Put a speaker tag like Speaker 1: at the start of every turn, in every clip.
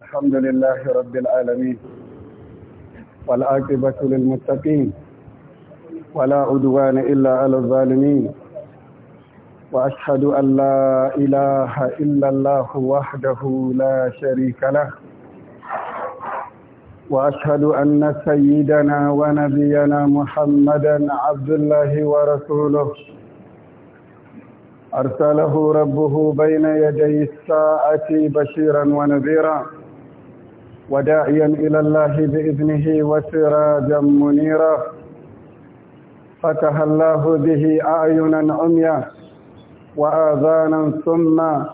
Speaker 1: الحمد لله رب العالمين والعاقبة للمتقين ولا عدوان إلا على الظالمين وأشهد أن لا إله إلا الله وحده لا شريك له وأشهد أن سيدنا ونبينا محمدا عبد الله ورسوله أرسله ربه بين يدي الساعة بشيرا ونذيرا وداعيا إلى الله بإذنه وسراجا منيرا فتح الله به أعينا عميا وآذانا صما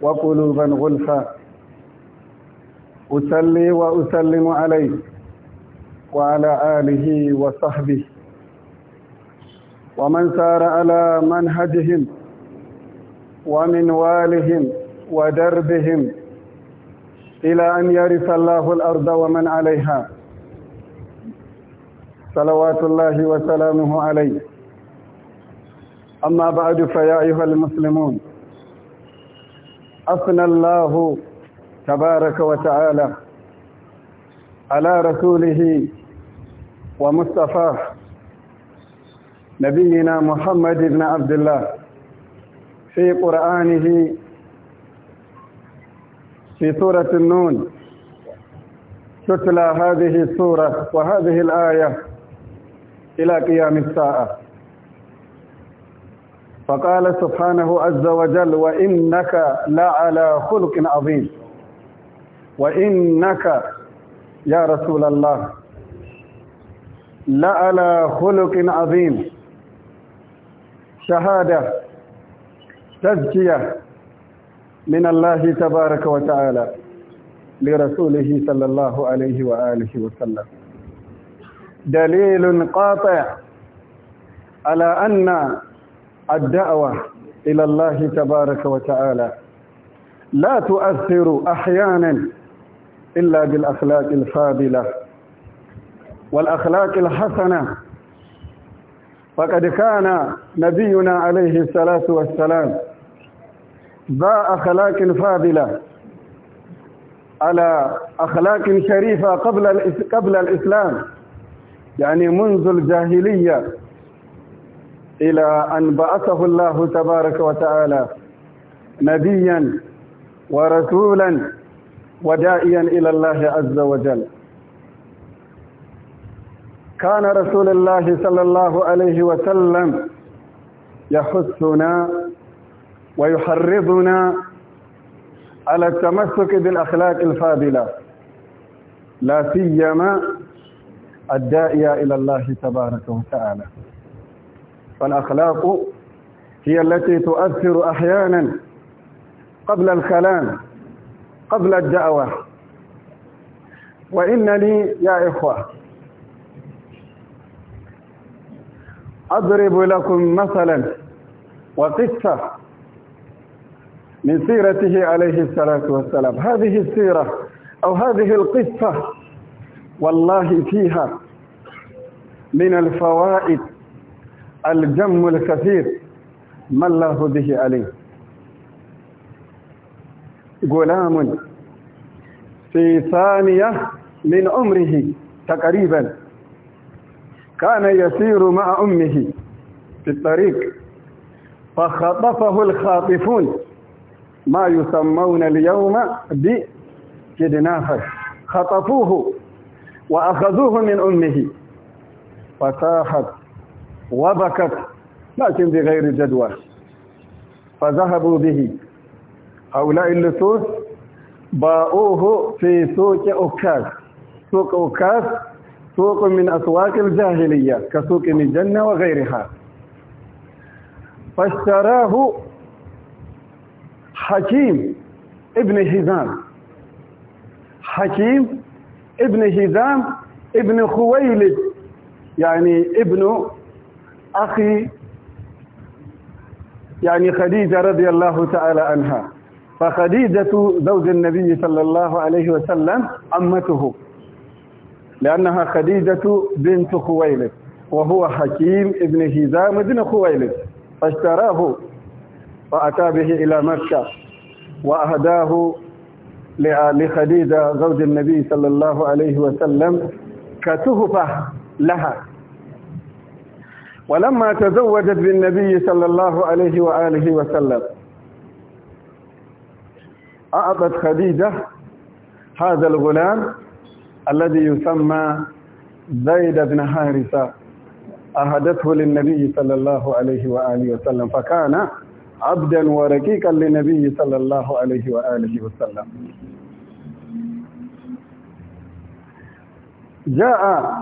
Speaker 1: وقلوبا غلفا أسلي وأسلم عليه وعلى آله وصحبه ومن سار على منهجهم ومنوالهم ودربهم ila an yari sallahu wa man alaiha salawatullahi wa salamuhu alai amma ba'a a dufa ya yi hal musulmun asinallahu tabaraka wa ta’ala ala rasulihi wa mustapha nabi nina muhammadu ibn abdullah fi ƙura'anihi في سورة النون تتلى هذه السورة وهذه الآية إلى قيام الساعة فقال سبحانه عز وجل وإنك لعلى خلق عظيم وإنك يا رسول الله لعلى خلق عظيم شهادة تزكية من الله تبارك وتعالى لرسوله صلى الله عليه وآله وسلم دليل قاطع على أن الدعوة إلى الله تبارك وتعالى لا تؤثر أحيانا إلا بالأخلاق الفاضلة والأخلاق الحسنة فقد كان نبينا عليه الصلاة والسلام ذا أخلاق فاضلة على أخلاق شريفة قبل قبل الإسلام يعني منذ الجاهلية إلى أن بعثه الله تبارك وتعالى نبيا ورسولا وداعيا إلى الله عز وجل كان رسول الله صلى الله عليه وسلم يحثنا ويحرضنا على التمسك بالأخلاق الفاضلة لا سيما الداعية إلى الله تبارك وتعالى فالأخلاق هي التي تؤثر أحيانا قبل الكلام قبل الدعوة وإنني يا إخوة أضرب لكم مثلا وقصة من سيرته عليه الصلاة والسلام هذه السيرة أو هذه القصة والله فيها من الفوائد الجم الكثير ما الله به عليه غلام في ثانية من عمره تقريبا كان يسير مع أمه في الطريق فخطفه الخاطفون ma yi samman yauma bi kidnafar khatafuhu wa akhazuhu min ummihi fatahat wa bakat lakin bi ghairi jadwa fazahabu bihi haula'i lutus ba'uhu fi suqi ukaz suq ukaz suq min aswaq al-jahiliyya ka suq min janna wa ghayriha fashtarahu حكيم ابن هزام حكيم ابن هزام ابن خويلد يعني ابن أخي يعني خديجة رضي الله تعالى عنها فخديجة زوج النبي صلى الله عليه وسلم عمته لأنها خديجة بنت خويلد وهو حكيم ابن هزام ابن خويلد فاشتراه فأتى به إلى مكة وأهداه لخديجة زوج النبي صلى الله عليه وسلم كتهفة لها ولما تزوجت بالنبي صلى الله عليه وآله وسلم أعطت خديجة هذا الغلام الذي يسمى زيد بن حارثة أهدته للنبي صلى الله عليه وآله وسلم فكان عبدا ورقيقا للنبي صلى الله عليه وآله وسلم جاء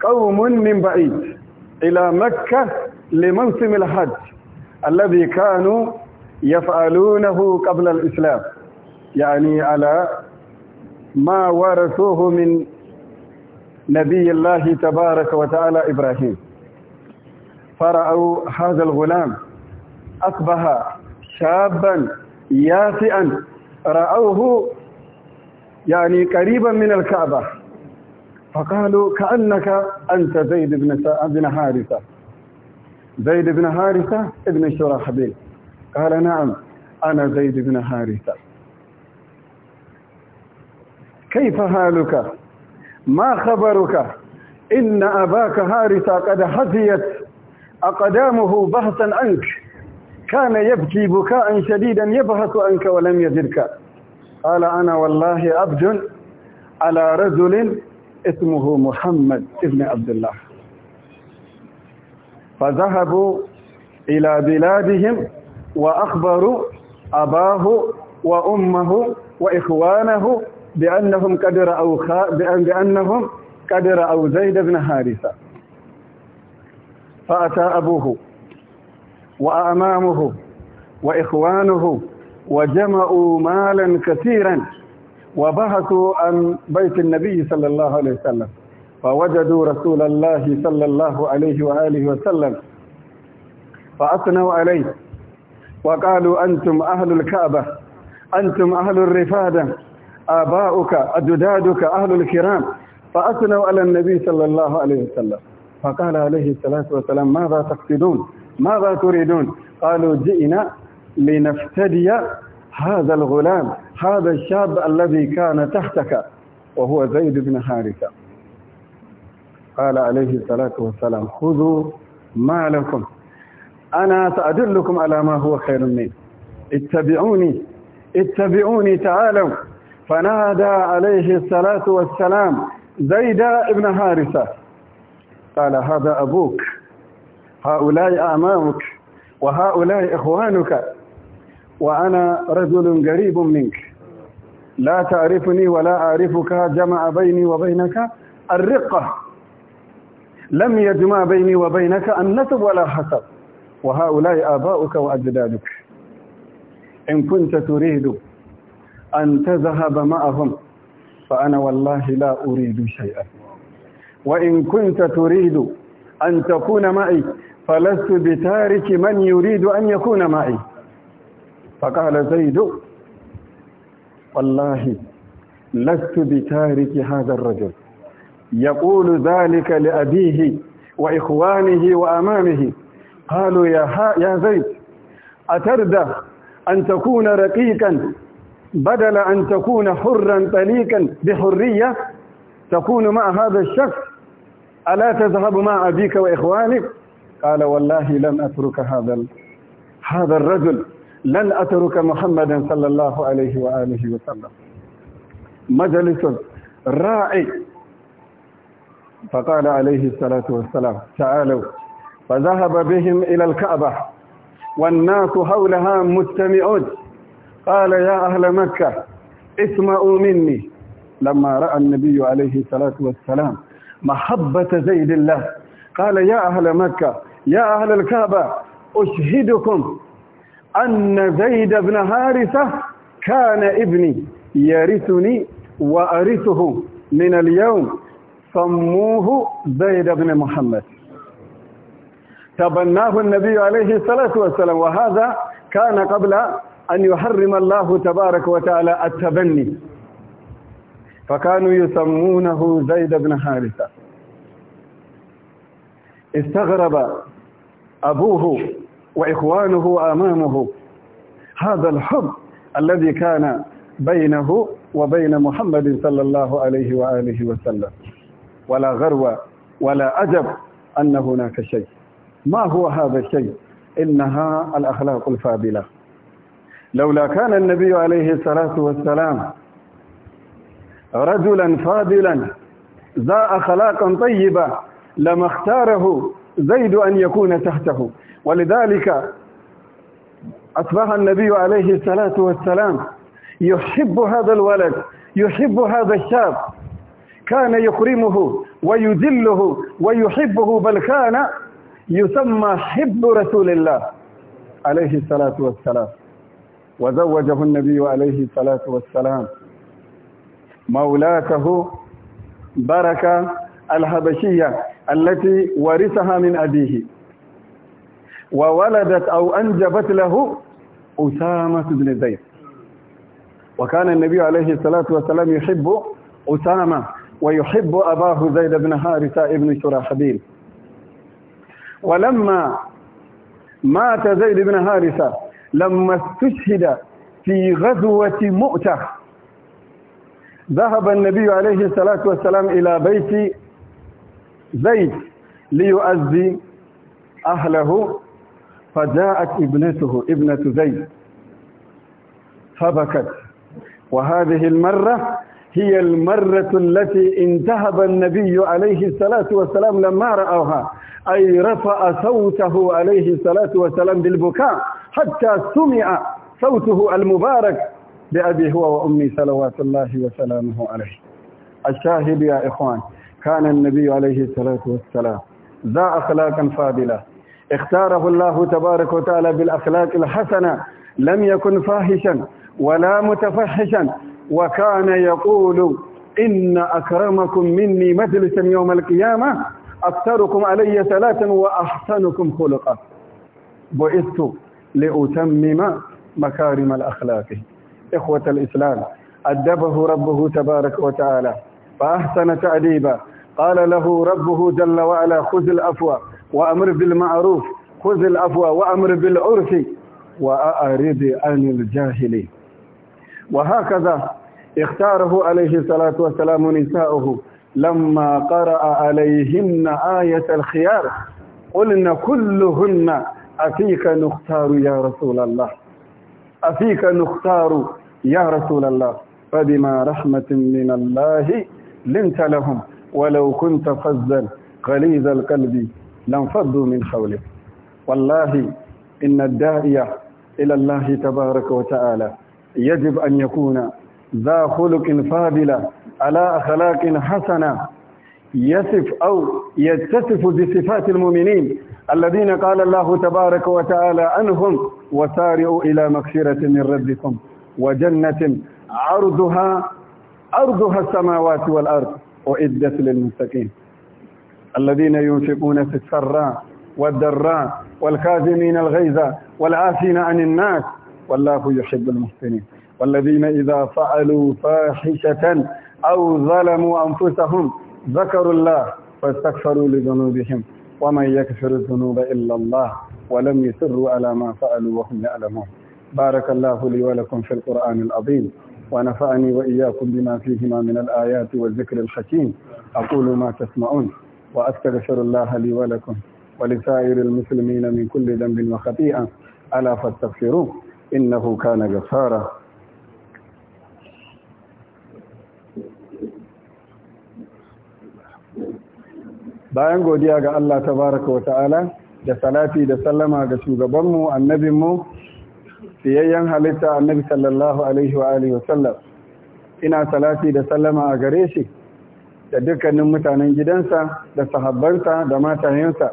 Speaker 1: قوم من بعيد إلى مكة لموسم الحج الذي كانوا يفعلونه قبل الإسلام يعني على ما ورثوه من نبي الله تبارك وتعالى إبراهيم فرأوا هذا الغلام أصبح شابا ياسئا رأوه يعني قريبا من الكعبة فقالوا كأنك أنت زيد بن بن حارثة زيد بن حارثة ابن شرحبيل قال نعم أنا زيد بن حارثة كيف حالك ما خبرك إن أباك حارثة قد حزيت أقدامه بحثا عنك كان يبكي بكاء شديدا يبحث عنك ولم يجدك قال أنا والله عبد على رجل اسمه محمد ابن عبد الله فذهبوا إلى بلادهم وأخبروا أباه وأمه وإخوانه بأنهم قد رأوا خا... بأن... بأنهم قد رأوا زيد بن حارثة فأتى أبوه وأمامه وإخوانه وجمعوا مالا كثيرا وبحثوا عن بيت النبي صلى الله عليه وسلم فوجدوا رسول الله صلى الله عليه وآله وسلم فأثنوا عليه وقالوا أنتم أهل الكعبة أنتم أهل الرفادة آباؤك أجدادك أهل الكرام فأثنوا على النبي صلى الله عليه وسلم فقال عليه الصلاة والسلام ماذا تقصدون ماذا تريدون قالوا جئنا لنفتدي هذا الغلام هذا الشاب الذي كان تحتك وهو زيد بن حارثة قال عليه الصلاة والسلام خذوا ما لكم أنا سأدلكم على ما هو خير مني اتبعوني اتبعوني تعالوا فنادى عليه الصلاة والسلام زيد بن حارثة قال هذا أبوك هؤلاء أعمامك وهؤلاء إخوانك وأنا رجل قريب منك لا تعرفني ولا أعرفك جمع بيني وبينك الرقة لم يجمع بيني وبينك النسب ولا حسب وهؤلاء آباؤك وأجدادك إن كنت تريد أن تذهب معهم فأنا والله لا أريد شيئا وإن كنت تريد أن تكون معي فلست بتارك من يريد أن يكون معي فقال زيد والله لست بتارك هذا الرجل يقول ذلك لأبيه وإخوانه وأمامه قالوا يا, ها يا زيد أتردى أن تكون رقيقا بدل أن تكون حرا طليقا بحرية تكون مع هذا الشخص ألا تذهب مع أبيك وإخوانك قال والله لن أترك هذا هذا الرجل لن أترك محمدا صلى الله عليه وآله وسلم مجلس راعي فقال عليه الصلاة والسلام تعالوا فذهب بهم إلى الكعبة والناس حولها مجتمعون قال يا أهل مكة اسمعوا مني لما رأى النبي عليه الصلاة والسلام محبة زيد الله قال يا أهل مكة يا أهل الكعبة أشهدكم أن زيد بن هارثة كان ابني يرثني وأرثه من اليوم سموه زيد بن محمد تبناه النبي عليه الصلاة والسلام وهذا كان قبل أن يحرم الله تبارك وتعالى التبني فكانوا يسمونه زيد بن حارثة استغرب أبوه وإخوانه أمامه هذا الحب الذي كان بينه وبين محمد صلى الله عليه وآله وسلم ولا غرو ولا أجب أن هناك شيء ما هو هذا الشيء إنها الأخلاق الفاضلة لولا كان النبي عليه الصلاة والسلام رجلا فاضلا ذا أخلاق طيبة لما اختاره زيد أن يكون تحته ولذلك أصبح النبي عليه الصلاة والسلام يحب هذا الولد يحب هذا الشاب كان يكرمه ويذله ويحبه بل كان يسمى حب رسول الله عليه الصلاة والسلام وزوجه النبي عليه الصلاة والسلام مولاته بركة الحبشية التي ورثها من أبيه وولدت أو أنجبت له أسامة بن زيد وكان النبي عليه الصلاة والسلام يحب أسامة ويحب أباه زيد بن هارثة بن شراحبيل ولما مات زيد بن هارثة لما استشهد في غزوة مؤتة ذهب النبي عليه الصلاة والسلام إلى بيت زيد ليؤذي أهله فجاءت ابنته ابنة زيد فبكت وهذه المرة هي المرة التي انتهب النبي عليه الصلاة والسلام لما رأوها أي رفع صوته عليه الصلاة والسلام بالبكاء حتى سمع صوته المبارك بأبي هو وأمي صلوات الله وسلامه عليه الشاهد يا إخوان كان النبي عليه الصلاة والسلام ذا أخلاقا فاضلة اختاره الله تبارك وتعالى بالأخلاق الحسنة لم يكن فاحشا ولا متفحشا وكان يقول إن أكرمكم مني مجلسا يوم القيامة أكثركم علي ثلاثا وأحسنكم خلقا بعثت لأتمم مكارم الأخلاق إخوة الإسلام أدبه ربه تبارك وتعالى فأحسن تأديبا قال له ربه جل وعلا خذ الأفوى وأمر بالمعروف خذ الأفوى وأمر بالعرف وأعرض عن الجاهلين وهكذا اختاره عليه الصلاة والسلام نساؤه لما قرأ عليهن آية الخيار قلن كلهن أفيك نختار يا رسول الله أفيك نختار يا رسول الله فبما رحمة من الله لنت لهم ولو كنت فظا غليظ القلب لانفضوا من حولك والله إن الداعية إلى الله تبارك وتعالى يجب أن يكون ذا خلق فاضلة على أخلاق حسنة يصف أو يتصف بصفات المؤمنين الذين قال الله تبارك وتعالى عنهم وسارعوا إلى مغفرة من ربكم وجنة عرضها أرضها السماوات والأرض أعدت للمتقين الذين ينفقون في السراء والدراء والكاذمين الغيظ والعافين عن الناس والله يحب المحسنين والذين إذا فعلوا فاحشة أو ظلموا أنفسهم ذكروا الله فاستغفروا لذنوبهم ومن يكفر الذنوب إلا الله ولم يسروا على ما فعلوا وهم يعلمون بارك الله لي ولكم في القرآن العظيم ونفعني وإياكم بما فيهما من الآيات والذكر الحكيم أقول ما تسمعون وأستغفر الله لي ولكم ولسائر المسلمين من كل ذنب وخطيئة ألا فاستغفروه إنه كان غفارا bayan godiya ga Allah tabaraka wa ta'ala da salati da sallama ga shugabanmu annabinmu Siyayyen halitta annabi sallallahu alaihi wa alihi ina salati da sallama a gare shi da dukkanin mutanen gidansa da sahabbansa da matayensa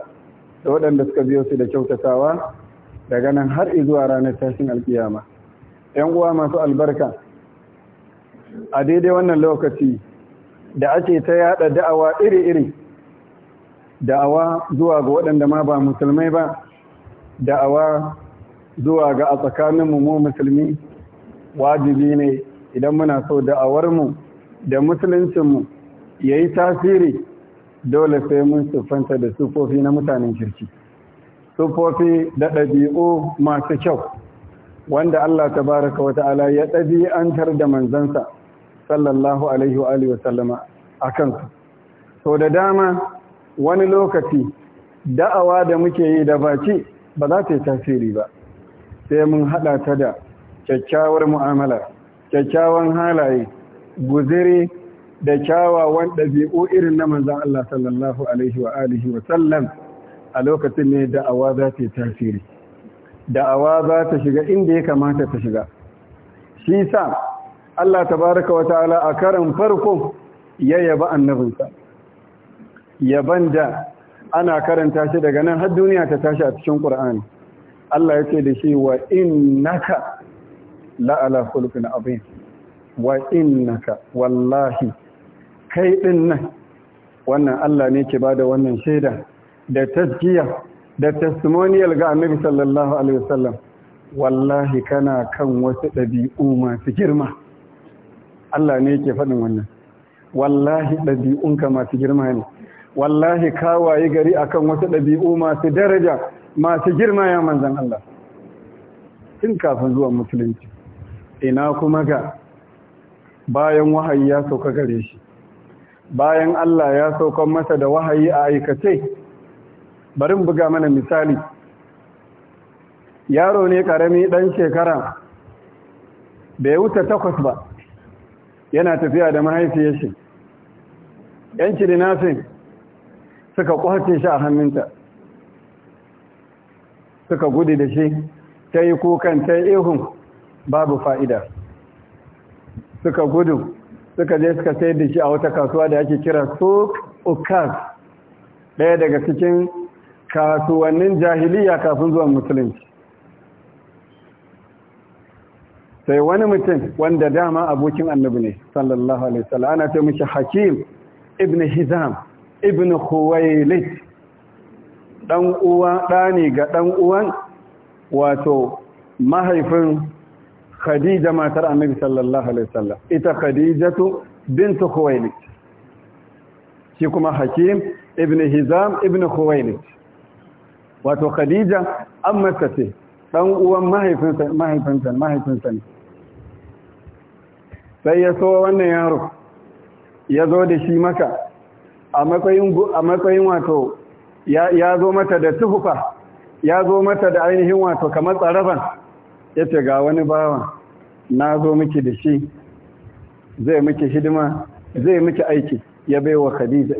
Speaker 1: da waɗanda suka biyo su da kyautatawa daga nan har izuwa ranar tashin alkiyama ‘yan uwa masu albarka a daidai wannan lokaci da ake ta yada da'awa iri-iri da'awa zuwa ga waɗanda ma ba musulmai ba da'awa zuwa ga a tsakaninmu mu musulmi wajibi ne idan muna so da'awarmu da musuluncinmu ya yi tasiri dole sai mun siffanta da sufofi na mutanen kirki sufofi da ɗabi'u masu kyau wanda Allah ta baraka wa ta'ala ya ɗabi'antar da manzansa sallallahu alaihi wa alihi wasallama a kansu so da dama wani lokaci da'awa da muke yi da baki ba za ta yi tasiri ba sai mun haɗa ta da kyakkyawar mu'amala kyakkyawan halaye guziri da kyawawan ɗabi'u irin na manzan Allah sallallahu alaihi wa alihi wa sallam a lokacin ne da'awa za ta yi tasiri da'awa za ta shiga inda ya kamata ta shiga shi sa Allah tabaraka wa ta'ala a karan farko ya yaba annabinsa yaban da ana karanta shi daga nan har duniya ta tashi a cikin Qur'ani Allah ya ce da shi wa innaka la'ala khuluqin azim wa innaka wallahi kai ɗin nan wannan Allah ne ke bada wannan shaida da tasjiya da testimonial ga Annabi sallallahu alaihi wasallam wallahi kana kan wasu ɗabi'u masu girma Allah ne ke faɗin wannan wallahi dabi'unka masu girma ne wallahi kawaye gari akan wasu ɗabi'u masu daraja masu girma ya manzan Allah tun kafin zuwa musulunci ina kuma ga bayan wahayi ya sauka gare shi bayan Allah ya saukan masa da wahayi a aikace bari buga mana misali yaro ne karami dan shekara bai wuta takwas ba yana tafiya da mahaifiye shi yan cirinafin suka kwace shi a hannunta suka gudu da shi ta yi kukan ta ihun babu fa'ida suka gudu suka je suka sayar da shi a wata kasuwa da ake kira suk ukaz daya daga cikin kasuwannin jahiliya kafin zuwan musulunci sai wani mutum wanda dama abokin annabi ne sallallahu alaihi wasallam ana ce mishi hakim ibn hizam ibn khuwailid ɗan uwa dani ga ɗan uwan wato mahaifin khadija matar annabi sallallahu alaihi wasallam ita khadijatu bint khuwaylid shi kuma hakim ibn hizam ibn khuwaylid wato khadija amma tace dan uwan mahaifinsa mahaifinsa mahaifinsa ne sai ya so wannan yaro ya zo da shi maka a matsayin a matsayin wato ya zo mata da tuhufa ya zo mata da ainihin wato kamar tsaraban ya ce ga wani bawa na zo miki da shi zai miki hidima zai miki aiki ya bai wa khadija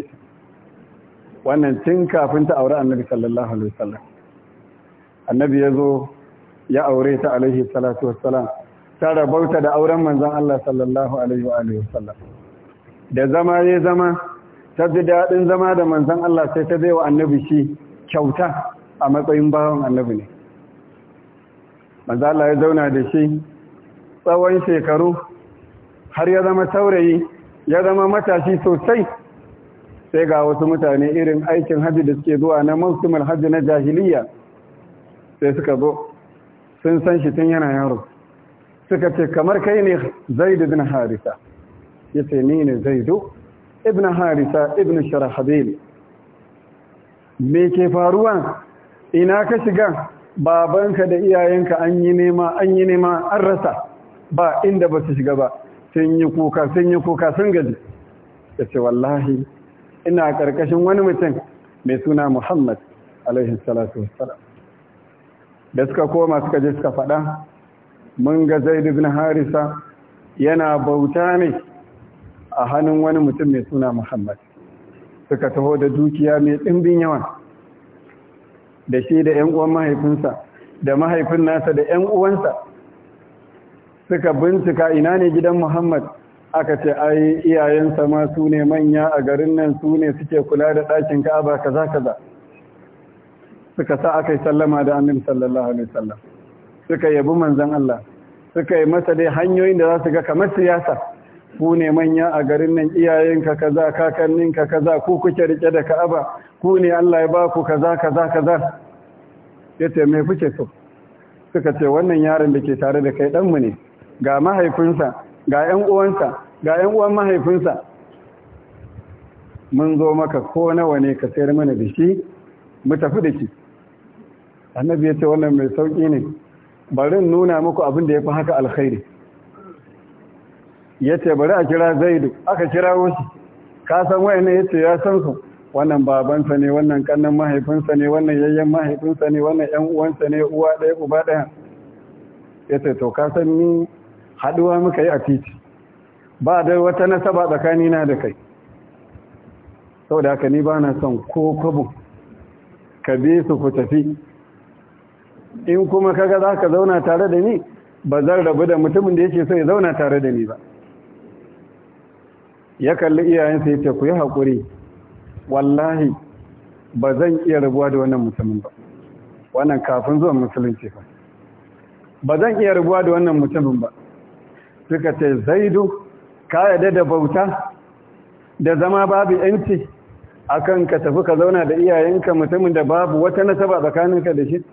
Speaker 1: wannan tun kafin ta aure annabi sallallahu alaihi wasallam annabi ya zo ya aure ta alaihi salatu wassalam ta rabauta da auren manzon Allah sallallahu alaihi wa alihi wasallam da zama ya zama ta ji daɗin zama da manzan Allah sai ta baiwa annabi shi kyauta a matsayin bawan annabi ne manzan Allah ya zauna da shi tsawon shekaru har ya zama saurayi ya zama matashi sosai sai ga wasu mutane irin aikin hajji da suke zuwa na musulman hajji na jahiliya sai suka zo sun san shi tun yana yaro suka ce kamar kai ne da zina harisa ya ce ni ne do. ibn harisa ibn sharahabil me ke faruwa ina ka shiga babanka da iyayenka an yi nema an yi nema an rasa ba inda ba su shiga ba sun yi kuka sun yi kuka sun gaji ya ce wallahi ina karkashin wani mutum mai suna muhammad alaihi salatu wassalam da suka koma suka je suka faɗa mun ga Zaidu ibn harisa yana bauta ne a hannun wani mutum mai suna muhammad suka taho da dukiya mai ɗimbin yawan da shi da 'yan uwan mahaifinsa da mahaifin nasa da 'yan uwansa suka bincika ina ne gidan muhammad aka ce yi iyayensa ma su ne manya a garin nan su ne suke kula da ɗakin ka'aba kaza kaza suka sa aka yi sallama da annabi sallallahu alaihi wasallam suka yabi manzan Allah suka yi masa dai hanyoyin da za su ga kamar siyasa ku ne manya a garin nan iyayenka kaza kakanninka kaza ku kuke rike da ka'aba ku ne Allah ya baku kaza kaza kaza yace me kuke so suka ce wannan yaron da ke tare da kai dan mu ne ga mahaifinsa ga ƴan uwansa ga ƴan uwan mahaifinsa mun zo maka ko nawa ne ka sayar mana da shi mu tafi da shi annabi ya ce wannan mai sauki ne bari nuna muku abin da ya fi haka alkhairi ya ce bari a kira zaidu aka kira wasu ka san wayan ya ce ya san su wannan babansa ne wannan kannan mahaifinsa ne wannan yayyen mahaifinsa ne wannan yan uwansa ne uwa ɗaya uba ɗaya ya ce to ka san ni haɗuwa muka yi a titi ba da wata nasaba tsakanina da kai saboda haka ni ba na son ko kwabo ka bi su ku tafi in kuma kaga za ka zauna tare da ni ba zan rabu da mutumin da yake so ya zauna tare da ni ba ya kalli iyayensa ya ce ku yi haƙuri wallahi ba zan iya rabuwa da wannan mutumin ba wannan kafin zuwa musulunci ba ba zan iya rabuwa da wannan mutumin ba suka ce zaidu ka yadda da bauta da zama babu yanci kan ka tafi ka zauna da iyayenka mutumin da babu wata nasaba tsakaninka da shi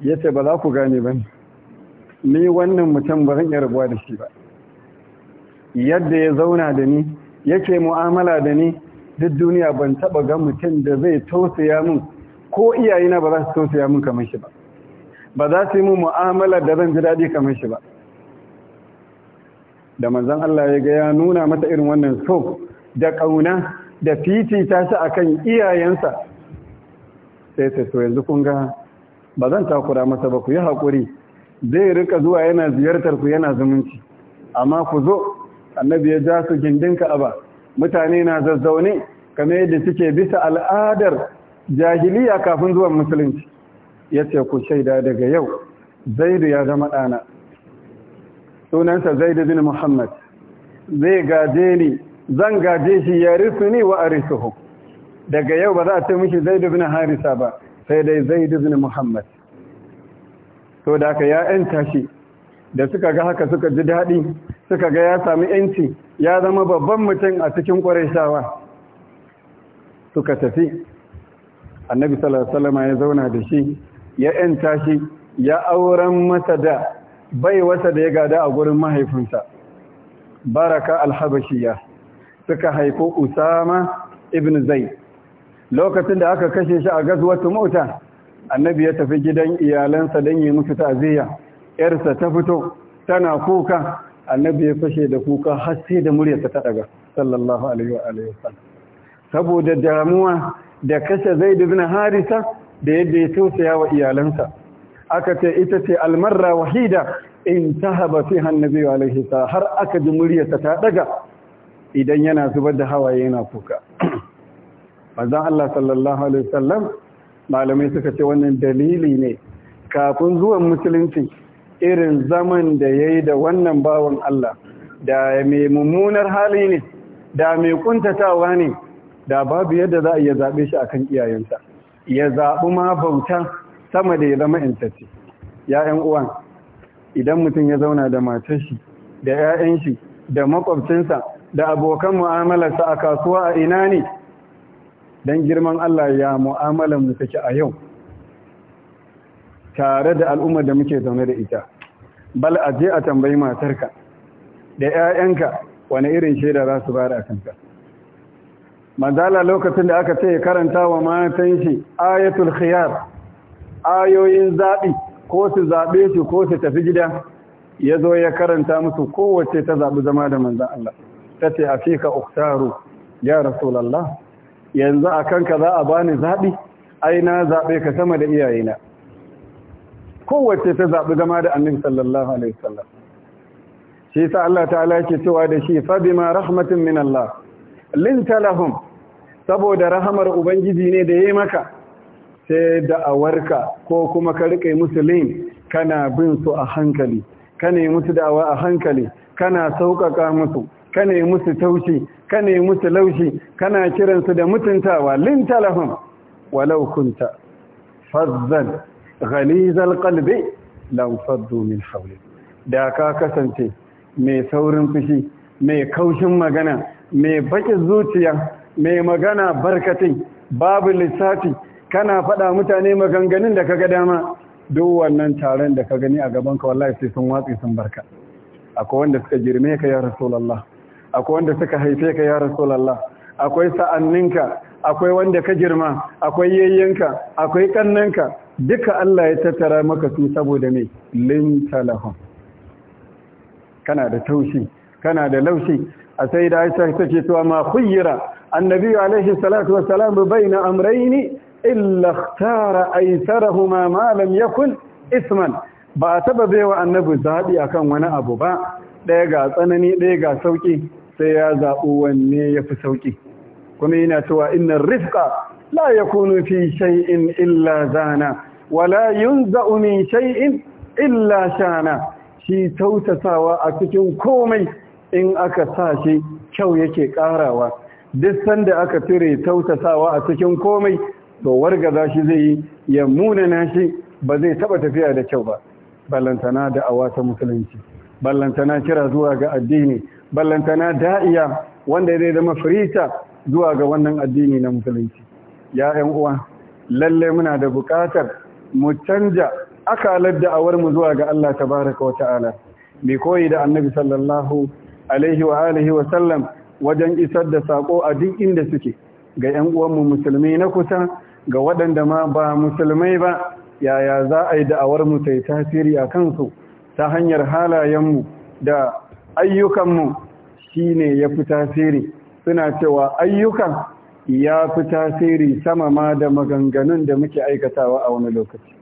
Speaker 1: ya ce ba za ku gane ba ne. ni wannan mutum ba zan iya rabuwa da shi ba yadda ya zauna da ni yake mu'amala da ni duk duniya ban taba ga mutum da zai tausaya min ko iyayena ba za su tausaya min kamar shi ba ba za su yi mu mu'amala da zan ji daɗi kamar shi ba da manzon Allah ya ga ya nuna mata irin wannan so da ƙauna da fiti ta shi kan iyayensa sai sai so yanzu kun ga ba zan takura masa ba ku yi haƙuri zai rika zuwa yana ziyartar ku yana zumunci amma ku zo annabi ya ja su gindinka ba mutane na zazzaune kamar yadda suke bisa al'adar jahiliya kafin zuwa musulunci ya ce ku shaida daga yau zaidu ya zama ɗana sunansa zaidu bin muhammad zai gaje ni zan gaje shi ya risu ni wa arisuhu daga yau ba za a ce mishi zaidu bin harisa ba sai dai zaidu bin muhammad to da aka ya 'yanta shi da suka ga haka suka ji daɗi suka ga ya sami yanci ya zama babban mutum a cikin ƙwarishawa suka tafi annabi salama ya zauna da shi ya yanta shi ya auren masa da bai wasa da ya gada a gurin mahaifinsa baraka alhabashiya suka haifo usama ibn zai lokacin da aka kashe shi a gazwatu mota annabi ya tafi gidan iyalansa don yi musu ta'aziyya yarsa ta fito tana kuka annabi ya fashe da kuka har sai da muryarsa ta daga sallallahu alaihi wa alihi wasallam saboda damuwa da kashe zaid ibn harisa da yadda ya tausaya wa iyalansa aka ce ita ce almarra wahida in tahaba fiha annabi alaihi sa har aka ji muryarsa ta daga idan yana zubar da hawaye yana kuka manzon Allah sallallahu alaihi wasallam malamai suka ce wannan dalili ne kafin zuwan musulunci irin zaman da ya yi da wannan bawan Allah da mai mummunar hali ne da mai kuntatawa ne da babu yadda za a iya zaɓe shi a kan iyayensa ya zaɓi ma bauta sama da ya zama intacce ya'yan uwan idan mutum ya zauna da matar shi da 'ya'yan shi da makwabcinsa da abokan mu'amalarsa a kasuwa a ina ne don girman Allah ya mu'amalar mu take a yau tare da al'ummar da muke zaune da ita bal a je a tambayi matarka da 'ya'yanka wani irin shaida za su bada a kanka mazala lokacin da aka ce karanta wa matan shi ayatul khiyar ayoyin zaɓi ko su zaɓe shi ko su tafi gida ya zo ya karanta musu kowace ta zaɓi zama da manzan Allah ta ce a fi ka uktaru ya rasulallah yanzu a kanka za a bani zaɓi ai na zaɓe ka sama da iyayena kowace ta zaɓi zama da annin sallallahu alaihi wasallam shi sa Allah ta'ala ke cewa da shi fa bima rahmatin min Allah linta lahum saboda rahamar ubangiji ne da ya yayi maka sai da'awarka ko kuma ka rike musulmi kana bin su a hankali kana yi musu da'awa a hankali kana sauƙaƙa musu kana yi musu taushi kana yi musu laushi kana kiransu da mutuntawa linta lahum walau kunta fazzan ghalizal qalbi lam faddu min hawli da ka kasance mai saurin fushi mai kaushin magana mai baƙin zuciya mai magana barkatin babu lissafi kana faɗa mutane maganganun da kaga dama duk wannan taron da ka gani a gaban ka wallahi sai sun watsi sun barka akwai wanda suka girme ka ya rasulullah akwai wanda suka haife ka ya rasulullah akwai sa'anninka akwai wanda ka girma akwai yayyanka akwai kannanka duka Allah ya tattara maka su saboda mai lintalahun kana da taushi kana da laushi a sai da aisha take cewa ma khuyyira annabi alaihi salatu wassalam baina amrayni illa ikhtara aitharahuma ma lam yakun isman ba taba baiwa annabi zabi akan wani abu ba Ɗaya ga tsanani ɗaya ga sauƙi, sai ya zaɓi wanne yafi sauki kuma yana cewa innan rifqa لا يكون في شيء إلا زانا ولا ينزأ من شيء إلا شانا shi tausasawa a cikin komai in aka sa shi kyau yake ƙarawa duk sanda aka cire tausasawa a cikin komai to wargaza shi zai yi ya munana shi ba zai taɓa tafiya da kyau ba ballantana da awa ta musulunci ballantana kira zuwa ga addini ballantana da'iya wanda zai zama firita zuwa ga wannan addini na musulunci ya 'yan uwa lalle muna da bukatar mu canja akalar da'awar mu zuwa ga Allah baraka wa ta'ala koyi da annabi sallallahu alaihi wa alihi wa sallam wajen isar da saƙo a duk inda suke ga 'yan uwanmu musulmi na kusa ga waɗanda ma ba musulmai ba yaya za a yi da'awar mu ta yi tasiri a kansu ta hanyar halayenmu da ayyukanmu shi ne ya fi tasiri suna cewa ayyukan ya fi tasiri sama ma da maganganun da muke aikatawa a wani lokaci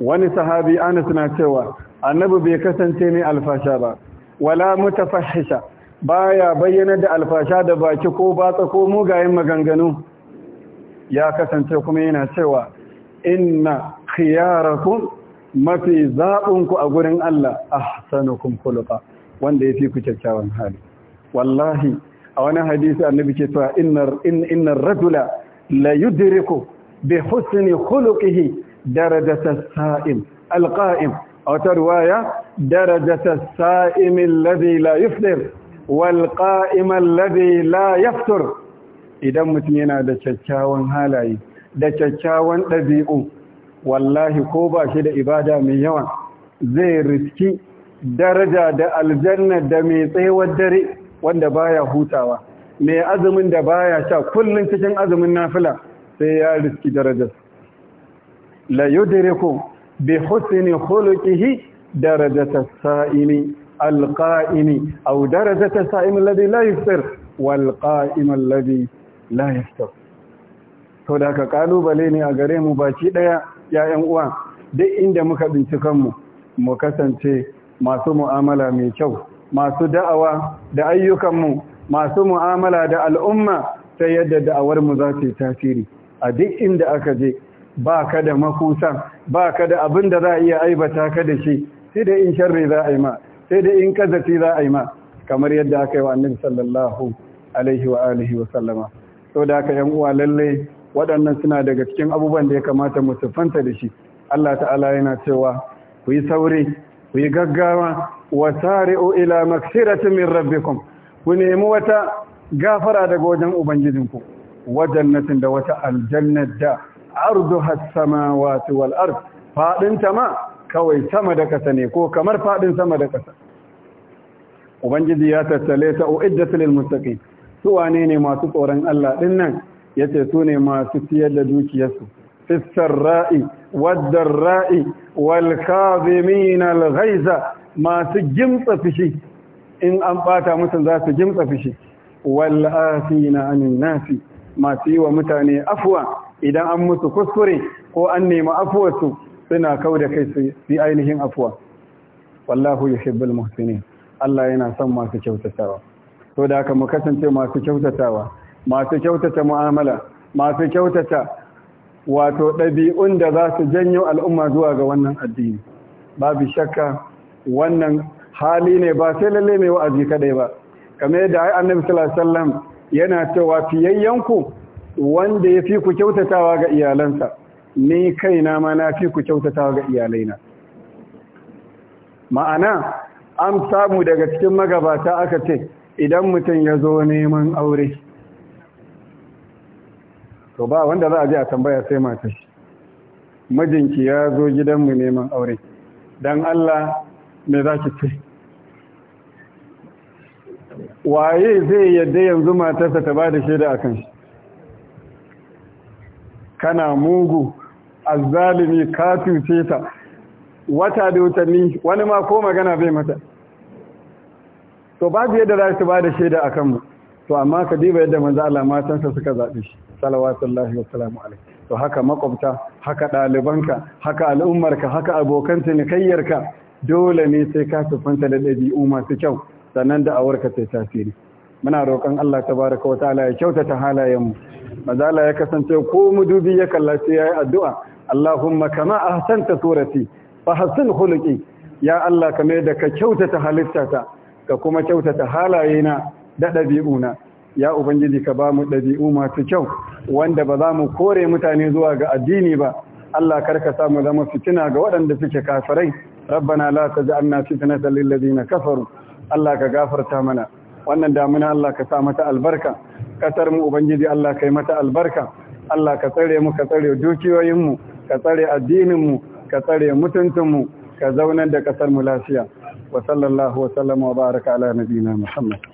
Speaker 1: wani sahabi anas na cewa annabi bai kasance ne alfasha ba wala mutafahisha baya bayyana da alfasha da baki ko batsa ko mugayen maganganu ya kasance kuma yana cewa inna khiyarakum mafi zaɓinku a gurin Allah Sanukun Kuluba. wanda ya ku kyakkyawan hali wallahi a wani hadisi annabi ke cewa innar radula, la yudriku bi husni khuluqihi darajata sa'im alqa'im a wata riwaya darajata sa'im alladhi la yufṭir wal qa'im alladhi la idan mutum yana da kyakkyawan halaye da kyakkyawan ɗabi'u wallahi ko ba shi da ibada mai yawa zai riski daraja da aljanna da mai tsayawar dare wanda baya hutawa mai azumin da baya sha kullun cikin azumin nafila sai ya riski darajar la yudriku bi husni khuluqihi darajata sa'imi alqa'imi aw darajata sa'imi alladhi la yufṭir wal qa'im alladhi la yafṭir to da ka kalubale ne a gare mu baki daya yayan uwa duk inda muka bincikan mu mu kasance masu mu'amala mai kyau masu da'awa da ayyukanmu masu mu'amala da al'umma ta yadda da'awarmu za ta yi tasiri a duk inda aka je ba ka da makusa ba ka da abin da za a iya aibata ka da shi sai da in sharri za a yi ma sai da in kazafi za a yi ma kamar yadda aka yi wa annabi sallallahu alaihi wa alihi wa sallama to da aka yan uwa lalle waɗannan suna daga cikin abubuwan da ya kamata mu siffanta da shi Allah ta'ala yana cewa ku yi sauri ku yi gaggawa wa sari'u ila maghfiratin min rabbikum ku nemi wata gafara daga wajen ubangijinku wa jannatin da wata aljannat da arduha as-samawati wal ard fadin ta ma kawai sama da kasa ne ko kamar fadin sama da kasa ubangiji ya tattale ta uiddat lil muttaqin su wane ne masu tsoron Allah dinnan yace su ne masu siyar da dukiyarsu fissarra'i ra'i walkazimin alghaiza masu gimtsa fishi in an bata musu za su gimtsa fishi wal'afina anin nasi masu yi wa mutane afuwa idan an musu kuskure ko an nemi afuwarsu suna kauda kai su yi ainihin afuwa wallahu yuhibbul muhsinin Allah yana son masu kyautatawa to da aka mu kasance masu kyautatawa masu kyautata mu'amala masu kyautata wato ɗabi'un da za su janyo al'umma zuwa ga wannan addini babu shakka wannan hali ne ba sai lalle mai wa'azi kaɗai ba kamar yadda ai annabi sallallahu alaihi yana cewa fiyayyanku wanda ya fi ku kyautatawa ga iyalansa ni kaina ma na fi ku kyautatawa ga iyalaina ma'ana an samu daga cikin magabata aka ce idan mutum ya zo neman aure to ba wanda za a je a tambaya sai matar majinki ya zo gidanmu neman aure dan Allah me za ki ce waye zai yadda yanzu matarsa ta ba da shaida a kan shi kana mugu azzalimi ka cuce ta wata da ni, wani ma ko magana bai mata to babu yadda za su ba da shaida a kanmu to amma ka diba yadda manzo Allah matansa suka zaɓe shi salawatullahi wa alaihi to haka makwabta haka ɗalibanka haka al'ummarka haka abokan cinikayyarka dole ne sai ka sufanta da ɗabi'u masu kyau sannan da awarka sai tasiri muna roƙon Allah tabaraka wa ta'ala ya kyautata halayenmu mazala ya kasance ko mudubi ya kalla sai yayi addu'a Allahumma kama ahsanta surati fa hasin khuluqi ya Allah kamar da ka kyautata halittata ka kuma kyautata halayena da ɗabi'una ya ubangiji ka ba mu ɗabi'u masu kyau wanda ba za mu kore mutane zuwa ga addini ba Allah karka samu zama fitina ga waɗanda suke kafirai rabbana la taj'alna fitnatan lil na kafaru Allah ka gafarta mana wannan damuna Allah ka sa mata albarka Ƙasarmu mu ubangiji Allah kai mata albarka Allah ka tsare mu ka tsare dukiyoyin mu ka tsare addinin mu ka tsare mutuntunmu mu ka zaunar da kasar mu lafiya wa sallallahu wa sallama wa baraka ala nabina muhammad